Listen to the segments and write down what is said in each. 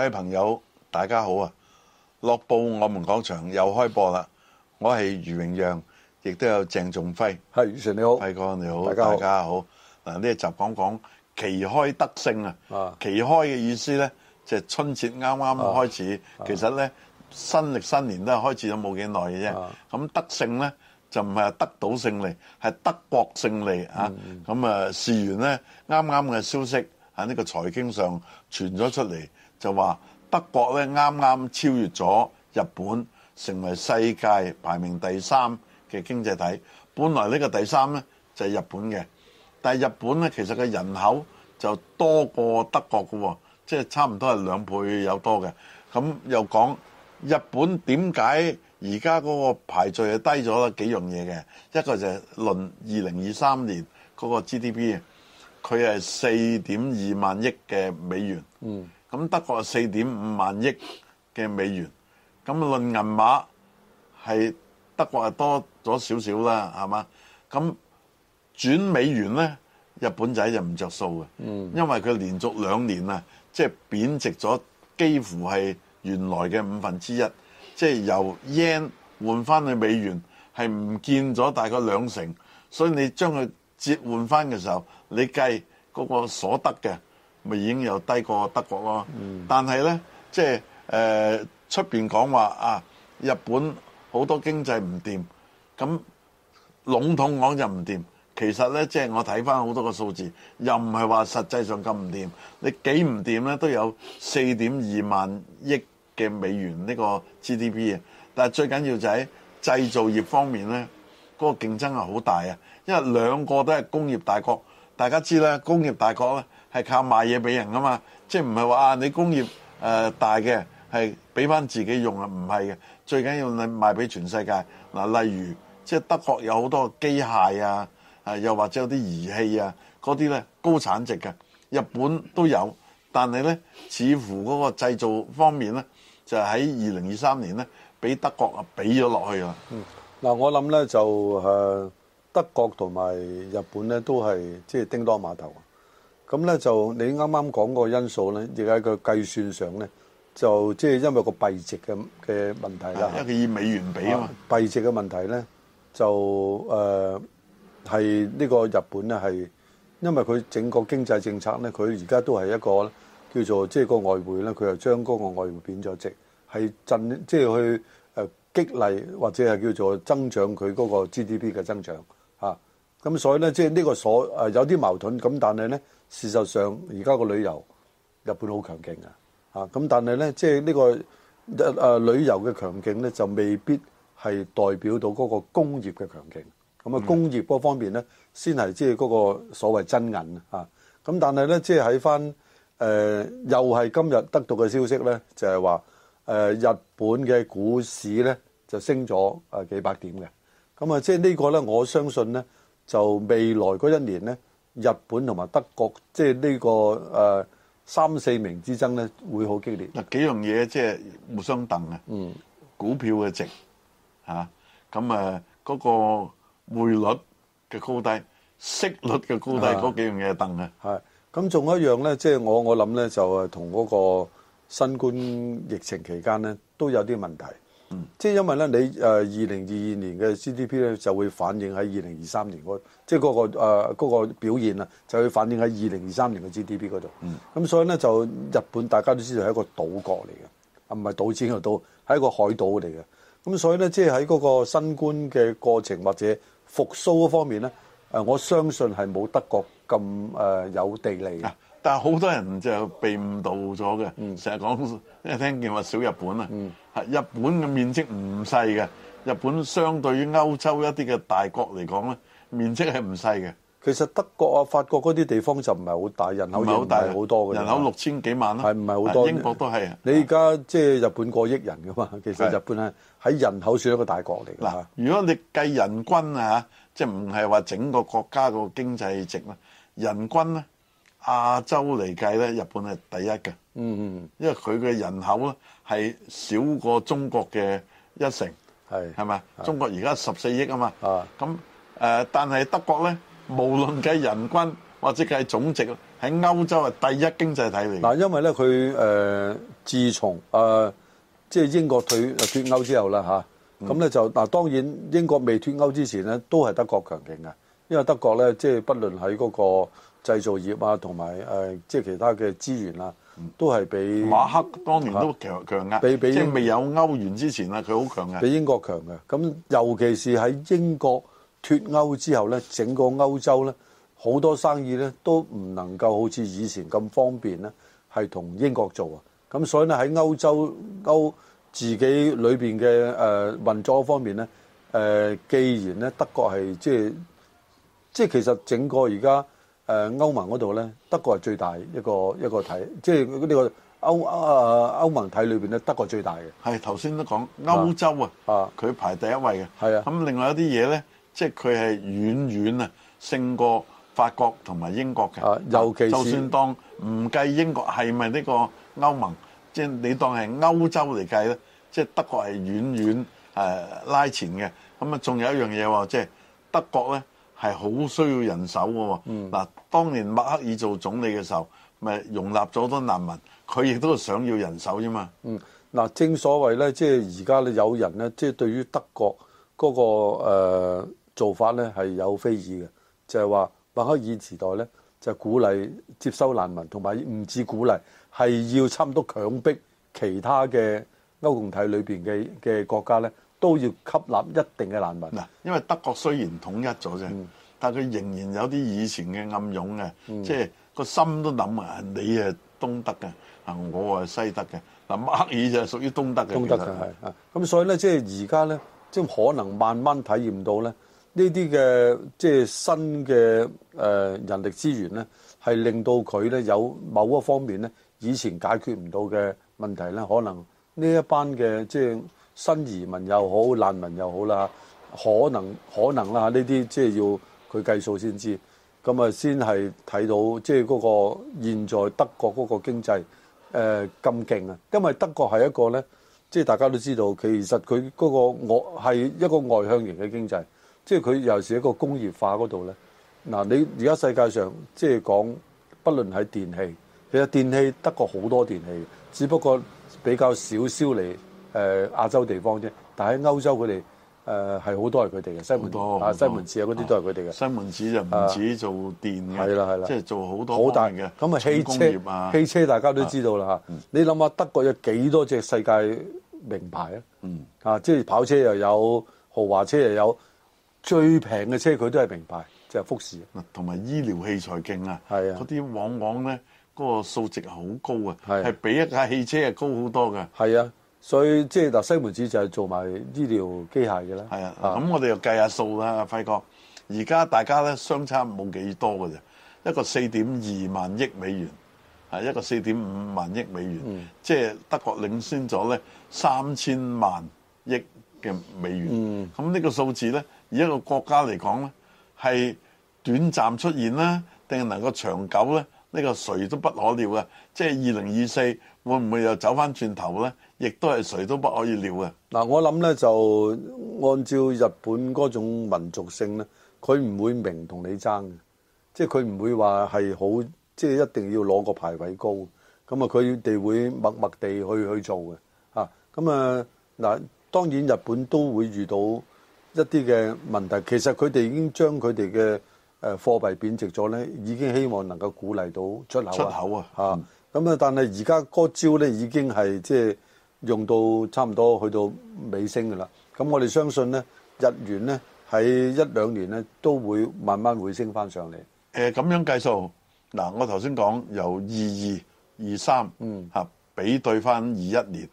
各位朋友，大家好啊！《樂報》我們講場又開播啦。我係余榮讓，亦都有鄭仲輝。係余 Sir 你好，輝哥你好，大家好。嗱呢集講講旗開得勝啊！旗開嘅意思咧，就係春節啱啱開始，其實咧新曆新年都係開始咗冇幾耐嘅啫。咁德勝咧就唔係得到勝利，係德國勝利啊！咁啊，事源咧啱啱嘅消息喺呢個財經上傳咗出嚟。就話德國咧啱啱超越咗日本，成為世界排名第三嘅經濟體。本來呢個第三呢就係日本嘅，但日本呢其實嘅人口就多過德國嘅，即係差唔多係兩倍有多嘅。咁又講日本點解而家嗰個排序係低咗啦？幾樣嘢嘅，一個就係論二零二三年嗰個 GDP，佢係四點二萬億嘅美元。嗯。咁德國係四點五萬億嘅美元，咁論銀碼係德國係多咗少少啦，係嘛？咁轉美元咧，日本仔就唔著數嘅，嗯，因為佢連續兩年啊，即係貶值咗幾乎係原來嘅五分之一，即係由 yen 換翻去美元係唔見咗大概兩成，所以你將佢折換翻嘅時候，你計嗰個所得嘅。咪已經又低過德國咯，但係呢，即係出面講話啊，日本好多經濟唔掂，咁籠統講就唔掂。其實呢，即係我睇翻好多個數字，又唔係話實際上咁唔掂。你幾唔掂呢？都有四點二萬億嘅美元呢個 GDP 啊。但係最緊要就喺製造業方面呢，嗰個競爭係好大啊。因為兩個都係工業大國，大家知啦，工業大國呢係靠賣嘢俾人啊嘛，即係唔係話你工業誒大嘅係俾翻自己用啊？唔係嘅，最緊要你賣俾全世界嗱。例如即係德國有好多機械啊，誒又或者有啲儀器啊嗰啲，咧高產值嘅，日本都有，但係咧似乎嗰個製造方面咧就喺二零二三年咧俾德國啊俾咗落去啦、嗯。嗯，嗱，我諗咧就誒德國同埋日本咧都係即係叮噹碼頭。咁咧就你啱啱講個因素咧，亦係個計算上咧，就即係因為個幣值嘅嘅問題啦。因為以美元比啊嘛，幣值嘅問題咧就誒係呢個日本咧係因為佢整個經濟政策咧，佢而家都係一個叫做即係個外匯咧，佢又將嗰個外匯貶咗值，係振即係去誒激勵或者係叫做增長佢嗰個 GDP 嘅增長嚇。咁所以咧，即係呢個所誒有啲矛盾咁，但係咧。事實上，而家個旅遊日本好強勁嘅，咁，但係咧，即係呢個誒旅遊嘅強勁咧，就未必係代表到嗰個工業嘅強勁。咁啊，工業嗰方面咧，先係即係嗰個所謂真銀啊。咁但係咧，即係喺翻誒，又係今日得到嘅消息咧，就係話誒日本嘅股市咧就升咗啊幾百點嘅。咁啊，即係呢個咧，我相信咧，就未來嗰一年咧。日本同埋德國，即係呢個誒三四名之爭咧，會好激烈。嗱，幾樣嘢即係互相掟啊，嗯，股票嘅值嚇，咁誒嗰個匯率嘅高低、息率嘅高低，嗰幾樣嘢掟啊，係咁。仲有一樣咧，即係我我諗咧就係同嗰個新冠疫情期間咧都有啲問題。即、嗯、係因為咧，你誒二零二二年嘅 GDP 咧就會反映喺二零二三年嗰，即、就、係、係嗰個誒、呃嗰個表現啊，就會反映喺二零二三年嘅 GDP 嗰度。嗯，咁所以咧就日本大家都知道係一個島國嚟嘅，啊唔係賭錢，嗰個賭，係一個海島嚟嘅。咁所以咧，即係喺嗰個新冠嘅過程或者復蘇方面咧，誒我相信係冇德國咁誒、呃、有地利。啊，但係好多人就被誤導咗嘅，成日講，因為聽見話小日本啊。嗯日本嘅面積唔細嘅，日本相對於歐洲一啲嘅大國嚟講咧，面積係唔細嘅。其實德國啊、法國嗰啲地方就唔係好大，人口唔係好大，好多嘅。人口六千幾萬咯，係唔係好多？英國都係。你而家即係日本過億人噶嘛？其實日本係喺人口算一個大國嚟嘅。嗱，如果你計人均啊，即係唔係話整個國家個經濟值咧，人均咧。亞洲嚟計咧，日本係第一嘅，嗯嗯，因為佢嘅人口咧係少過中國嘅一成，係係咪？中國而家十四億啊嘛，啊，咁誒、呃，但係德國咧，無論計人均或者計總值，喺、嗯、歐洲係第一經濟體嚟。嗱，因為咧佢誒，自從誒即係英國退脫歐之後啦吓，咁、啊、咧就嗱，當然英國未脫歐之前咧，都係德國強勁嘅，因為德國咧即係不論喺嗰、那個。製造業啊，同埋、呃、即係其他嘅資源啦、啊，都係比馬克當年都強、啊、強壓，比即係未有歐元之前啊，佢好強嘅，比英國強嘅。咁尤其是喺英國脱歐之後咧，整個歐洲咧好多生意咧都唔能夠好似以前咁方便咧，係同英國做啊。咁所以咧喺歐洲歐自己裏面嘅誒運作方面咧，誒、呃、既然咧德國係即係即係其實整個而家。誒歐盟嗰度咧，德國係最大一個一個體，即係呢個歐啊歐盟體裏邊咧，德國係最大嘅。係頭先都講歐洲啊，佢排第一位嘅。係啊，咁另外一啲嘢咧，即係佢係遠遠啊勝過法國同埋英國嘅。尤其是就算當唔計英國，係咪呢個歐盟？即係你當係歐洲嚟計咧，即係德國係遠遠誒拉前嘅。咁啊，仲有一樣嘢話，即係德國咧。係好需要人手嘅喎，嗱，當年默克爾做總理嘅時候，咪容納咗好多難民，佢亦都係想要人手啫嘛。嗱，正所謂咧，即係而家咧有人咧，即係對於德國嗰、那個、呃、做法咧係有非議嘅，就係、是、話默克爾時代咧就是、鼓勵接收難民，同埋唔止鼓勵，係要差唔多強迫其他嘅歐共體裏面嘅嘅國家咧。都要吸納一定嘅難民，嗱，因為德國雖然統一咗啫，但佢仍然有啲以前嘅暗湧嘅，即係個心都諗啊，你係東德嘅，啊、嗯、我係西德嘅，嗱、嗯、默克爾就係屬於東德嘅。東德啊，咁所以咧，即係而家咧，即係可能慢慢體驗到咧，呢啲嘅即係新嘅誒人力資源咧，係令到佢咧有某一方面咧，以前解決唔到嘅問題咧，可能呢一班嘅即係。新移民又好，難民又好啦，可能可能啦、啊，呢啲即係要佢計數先知，咁啊先係睇到即係嗰個現在德國嗰個經濟咁勁啊！因為德國係一個呢，即、就、係、是、大家都知道，其實佢嗰、那個我係一個外向型嘅經濟，即係佢又是一個工業化嗰度呢。嗱、啊，你而家世界上即係、就是、講，不論係電器，其實電器德國好多電器，只不過比較少銷你，誒、呃、亞洲地方啫，但喺歐洲佢哋誒係好多係佢哋嘅西門子，啊，多西門啊，西門子啊嗰啲都係佢哋嘅。西門子就唔止做電，係啦係啦，即係、就是、做好多好大嘅。咁啊，汽車汽車大家都知道啦、啊嗯。你諗下德國有幾多隻世界名牌啊？嗯、啊，即、就、係、是、跑車又有，豪華車又有，最平嘅車佢都係名牌，即、就、係、是、福士。同埋醫療器材勁啊！係啊，嗰啲往往咧嗰、那個數值好高啊，係比一架汽車係高好多嘅。係啊。所以即係嗱，西門子就係做埋醫療機械嘅啦。係啊，咁我哋又計下數啦，輝哥。而家大家咧相差冇幾多嘅啫，一個四點二萬億美元，一個四點五萬億美元。即、嗯、係德國領先咗咧三千萬億嘅美元。咁、嗯、呢個數字咧，以一個國家嚟講咧，係短暫出現啦，定能夠長久咧？呢、呢個誰都不可料嘅。即係二零二四會唔會又走翻轉頭咧？亦都係誰都不可以料嘅。嗱，我諗呢，就按照日本嗰種民族性呢，佢唔會明同你爭嘅，即係佢唔會話係好，即係一定要攞個排位高。咁啊，佢哋會默默地去去做嘅。嚇，咁啊，嗱、啊，當然日本都會遇到一啲嘅問題。其實佢哋已經將佢哋嘅貨幣貶值咗呢，已經希望能夠鼓勵到出口、啊、出口啊，啊，咁、嗯、啊，但係而家嗰招呢，已經係即係。用到差唔多去到尾聲㗎啦，咁我哋相信呢，日元呢喺一兩年呢都會慢慢回升翻上嚟。誒咁樣計數，嗱，我頭先講由二二、二三，嗯，嚇比對翻二一年，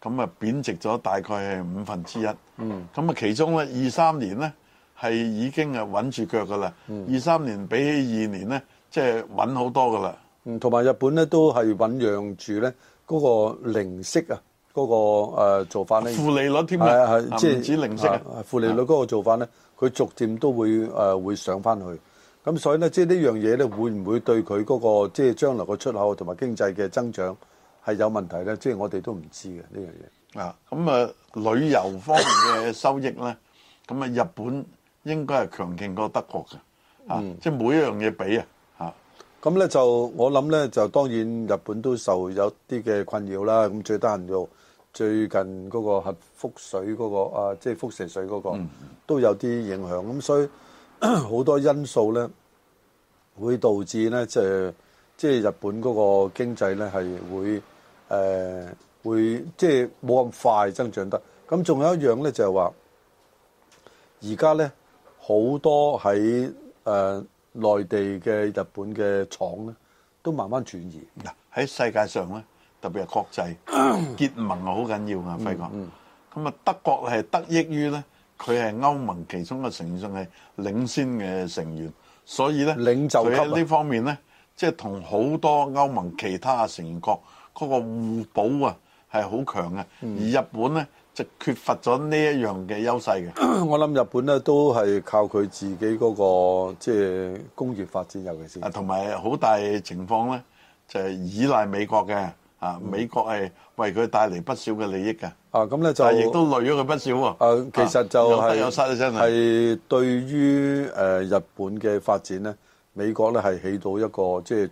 咁啊貶值咗大概係五分之一，嗯，咁啊其中咧二三年呢係已經啊穩住腳㗎啦，二三年比起二年呢，即係穩好多㗎啦，嗯，同埋日本呢都係穩揚住呢嗰個零息啊。嗰個誒做法咧，負利率添啊！係係，即係指零息啊！負利率嗰個做法咧，佢逐漸都會誒會上翻去。咁所以咧，即係呢樣嘢咧，會唔會對佢嗰個即係將來個出口同埋經濟嘅增長係有問題咧？即係我哋都唔知嘅呢樣嘢。啊，咁啊旅遊方面嘅收益咧，咁啊日本應該係強勁過德國嘅。啊，即係每一樣嘢比啊。嚇，咁咧就我諗咧就當然日本都受有啲嘅困擾啦。咁最得人要。最近嗰個核輻射嗰個啊，即係輻射水嗰個，都有啲影響。咁所以好多因素咧，會導致咧就即係日本嗰個經濟咧係會誒會即係冇咁快增長得。咁仲有一樣咧就係話，而家咧好多喺誒內地嘅日本嘅廠咧，都慢慢轉移。嗱喺世界上咧。特別係國際結盟啊，好緊要啊，輝哥。咁啊，德國係得益於咧，佢係歐盟其中嘅成員，係領先嘅成員，所以咧，領袖級啊。呢方面咧，即係同好多歐盟其他成員國嗰個互補啊，係好強嘅。而日本咧就缺乏咗呢一樣嘅優勢嘅。我諗日本咧都係靠佢自己嗰個即係工業發展，尤其是啊，同埋好大情況咧就係依賴美國嘅。啊！美國係為佢帶嚟不少嘅利益㗎。啊，咁咧就，但亦都累咗佢不少喎、啊。其實就係有得真係。係對於誒日本嘅發展咧，美國咧係起到一個即係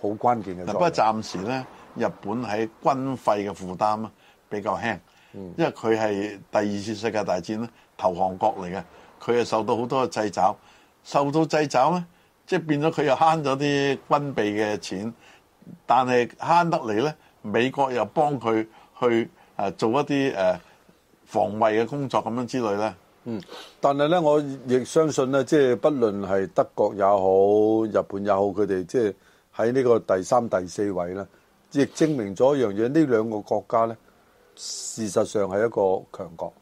好關鍵嘅。不、啊、過、就是啊就是啊、暫時咧，日本喺軍費嘅負擔比較輕，因為佢係第二次世界大戰咧投降國嚟嘅，佢又受到好多嘅制裁，受到制裁咧，即係變咗佢又慳咗啲軍備嘅錢。但係慳得嚟呢，美國又幫佢去做一啲防衛嘅工作咁樣之類呢。嗯。但係呢，我亦相信呢，即係不論係德國也好、日本也好，佢哋即係喺呢個第三、第四位呢，亦證明咗一樣嘢，呢兩個國家呢，事實上係一個強國，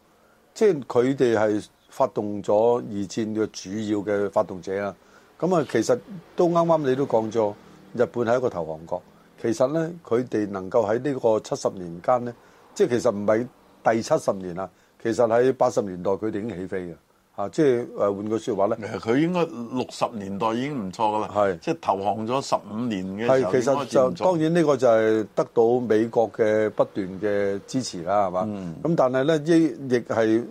即係佢哋係發動咗二戰嘅主要嘅發動者啦。咁啊，其實都啱啱你都講咗。日本係一個投降國，其實咧佢哋能夠喺呢個七十年間咧，即係其實唔係第七十年啦，其實喺八十年代佢哋已經起飛嘅嚇、啊，即係誒換句說話咧，佢應該六十年代已經唔錯噶啦，係即係投降咗十五年嘅時候係其實就當然呢個就係得到美國嘅不斷嘅支持啦，係嘛？咁、嗯嗯、但係咧亦亦係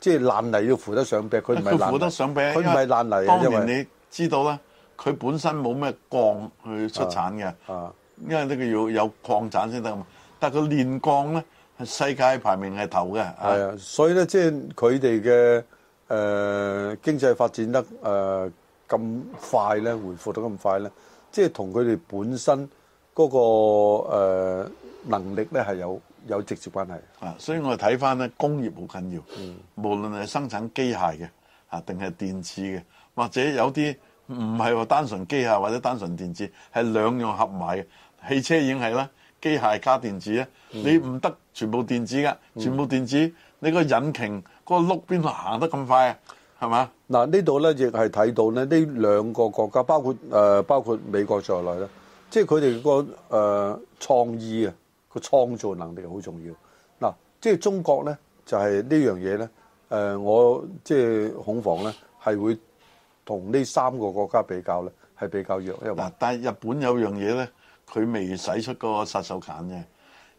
即係爛泥要扶得上壁，佢唔係難得上壁，佢唔係爛泥，因為你知道啦。佢本身冇咩鋼去出產嘅、啊啊，因為呢個要有礦產先得。但係佢煉鋼咧，世界排名係頭嘅，係啊。所以咧，即係佢哋嘅誒經濟發展得誒咁、呃、快咧，回復得咁快咧，即係同佢哋本身嗰、那個、呃、能力咧係有有直接關係啊。所以我哋睇翻咧，工業好緊要、嗯，無論係生產機械嘅啊，定係電子嘅，或者有啲。唔係話單純機械或者單純電子，係兩樣合埋嘅。汽車已經係啦，機械加電子咧。你唔得全部電子嘅，嗯嗯，全部電子，你個引擎嗰、那個轆邊度行得咁快啊？係嘛？嗱，呢度咧亦係睇到咧，呢兩個國家包括誒包括美國在內咧，即係佢哋個誒創意啊，個創造能力好重要。嗱，即係中國咧，就係呢樣嘢咧，誒我即係恐防咧，係會。同呢三個國家比較呢，係比較弱。是是，但係日本有樣嘢呢，佢未使出個殺手鐧嘅。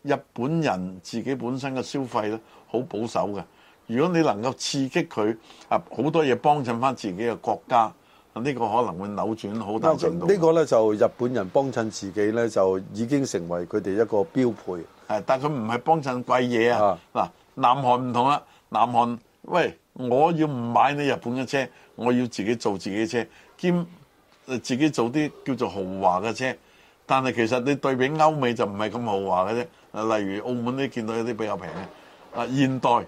日本人自己本身嘅消費呢，好保守嘅。如果你能夠刺激佢啊，好多嘢幫襯翻自己嘅國家，呢、呢個可能會扭轉好大程度。呢、呢個呢，就日本人幫襯自己呢，就已經成為佢哋一個標配。但佢唔係幫襯貴嘢啊。嗱、啊，南韓唔同啦，南韓。喂，我要唔買你日本嘅車，我要自己做自己嘅車，兼自己做啲叫做豪華嘅車。但係其實你對比歐美就唔係咁豪華嘅啫。例如澳門你見到一啲比較平嘅，啊現代，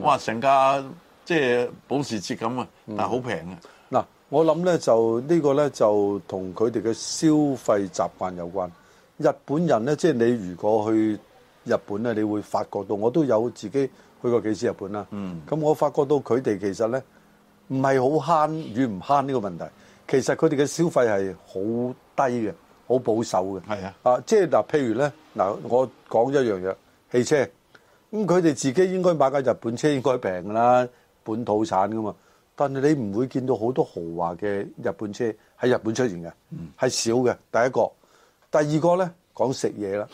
哇成架即係、就是、保時捷咁啊，但係好平啊。嗱、嗯嗯、我諗咧就、這個、呢個咧就同佢哋嘅消費習慣有關。日本人咧，即、就、係、是、你如果去日本咧，你會發覺到我都有自己。去過幾次日本啦，咁、嗯、我發覺到佢哋其實咧唔係好慳與唔慳呢個問題，其實佢哋嘅消費係好低嘅，好保守嘅。係啊，啊即係嗱，譬如咧，嗱我講一樣嘢，汽車咁佢哋自己應該買架日本車應該平㗎啦，本土產㗎嘛。但係你唔會見到好多豪華嘅日本車喺日本出現嘅，係、嗯、少嘅。第一個，第二個咧講食嘢啦。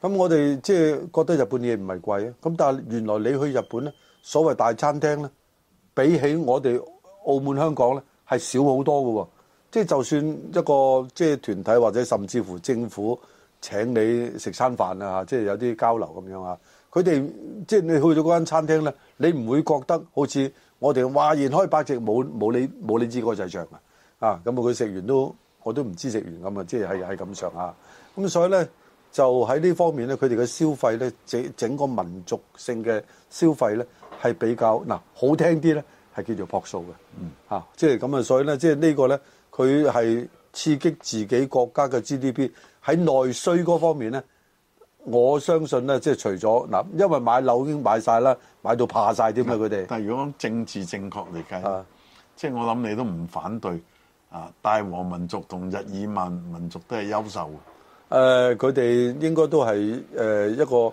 咁我哋即係覺得日本嘢唔係貴啊，咁但係原來你去日本咧，所謂大餐廳咧，比起我哋澳門香港咧，係少好多㗎喎。即係就算一個即係團體或者甚至乎政府請你食餐飯啊，即係有啲交流咁樣啊，佢哋即係你去咗嗰間餐廳咧，你唔會覺得好似我哋話然開百席冇冇你冇你知嗰隻場啊，啊咁佢食完都我都唔知食完咁、就是、啊，即係係係咁上下，咁所以咧。就喺呢方面咧，佢哋嘅消費咧，整整個民族性嘅消費咧，係比較嗱好聽啲咧，係叫做樸素嘅。嚇，即係咁啊，所以咧，即係呢個咧，佢係刺激自己國家嘅 GDP 喺內需嗰方面咧，我相信咧，即係除咗嗱，因為買樓已經買晒啦，買到怕晒啲咩佢哋？但係如果講政治正確嚟計，即係我諗你都唔反對啊！大和民族同日耳曼民族都係優秀。誒佢哋應該都係誒、呃、一個誒、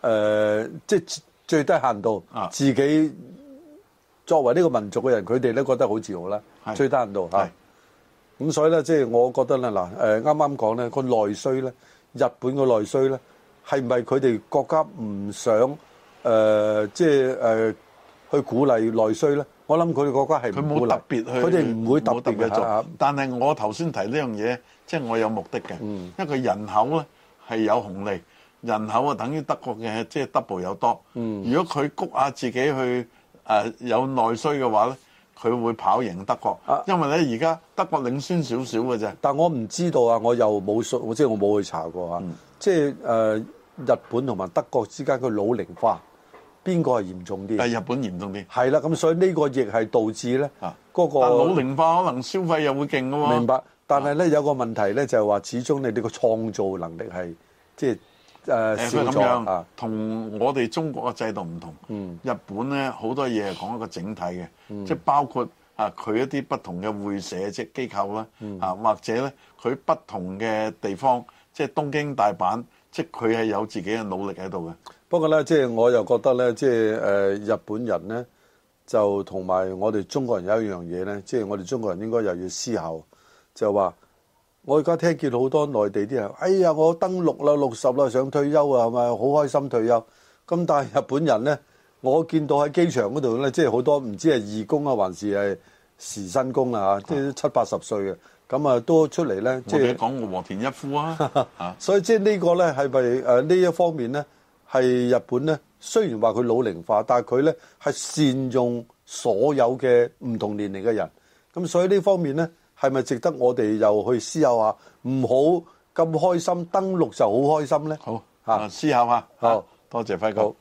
呃，即係最低限度，啊、自己作為呢個民族嘅人，佢哋咧覺得好自豪啦，最低限度嚇。咁、啊、所以咧，即係我覺得啦，嗱誒啱啱講咧個內需咧，日本嘅內需咧，係唔係佢哋國家唔想誒、呃，即係誒、呃、去鼓勵內需咧？我諗佢哋國家係佢冇特別去，佢哋唔會特別，特別去做、嗯但，但係我頭先提呢樣嘢，即係我有目的嘅。因為佢人口咧係有紅利，人口啊等於德國嘅，即係 double 有多。如果佢谷下自己去誒有內需嘅話咧，佢會跑贏德國。因為咧而家德國領先少少嘅啫。啊、但我唔知道啊，我又冇數，我即係我冇去查過啊。嗯、即係誒、呃、日本同埋德國之間嘅老齡化。邊個係嚴重啲？但日本嚴重啲。係啦，咁所以呢個亦係導致咧嗰個、啊。但老年化可能消費又會勁嘅喎。明白。但係咧、啊、有一個問題咧，就係話始終你哋個創造能力係即係誒咁樣啊。同我哋中國嘅制度唔同。嗯。日本咧好多嘢係講一個整體嘅、嗯，即係包括啊佢一啲不同嘅會社、即機構啦、啊嗯，啊或者咧佢不同嘅地方，即係東京、大阪，即佢係有自己嘅努力喺度嘅。不過咧，即係我又覺得咧，即係誒日本人咧，就同埋我哋中國人有一樣嘢咧，即係我哋中國人應該又要思考，就話我而家聽見好多內地啲人，哎呀，我登陸啦，六十啦，想退休啊，係咪好開心退休？咁但係日本人咧，我見到喺機場嗰度咧，即係好多唔知係義工啊，還是係時薪工啊，即係七八十歲嘅，咁啊都出嚟咧，即係講和田一夫啊， 啊所以即係呢個咧係咪誒呢一方面咧？係日本呢，雖然話佢老齡化，但佢呢係善用所有嘅唔同年齡嘅人，咁所以呢方面呢，係咪值得我哋又去思考下？唔好咁開心登陸就好開心呢？好思考、啊、下。好、啊、多謝輝哥。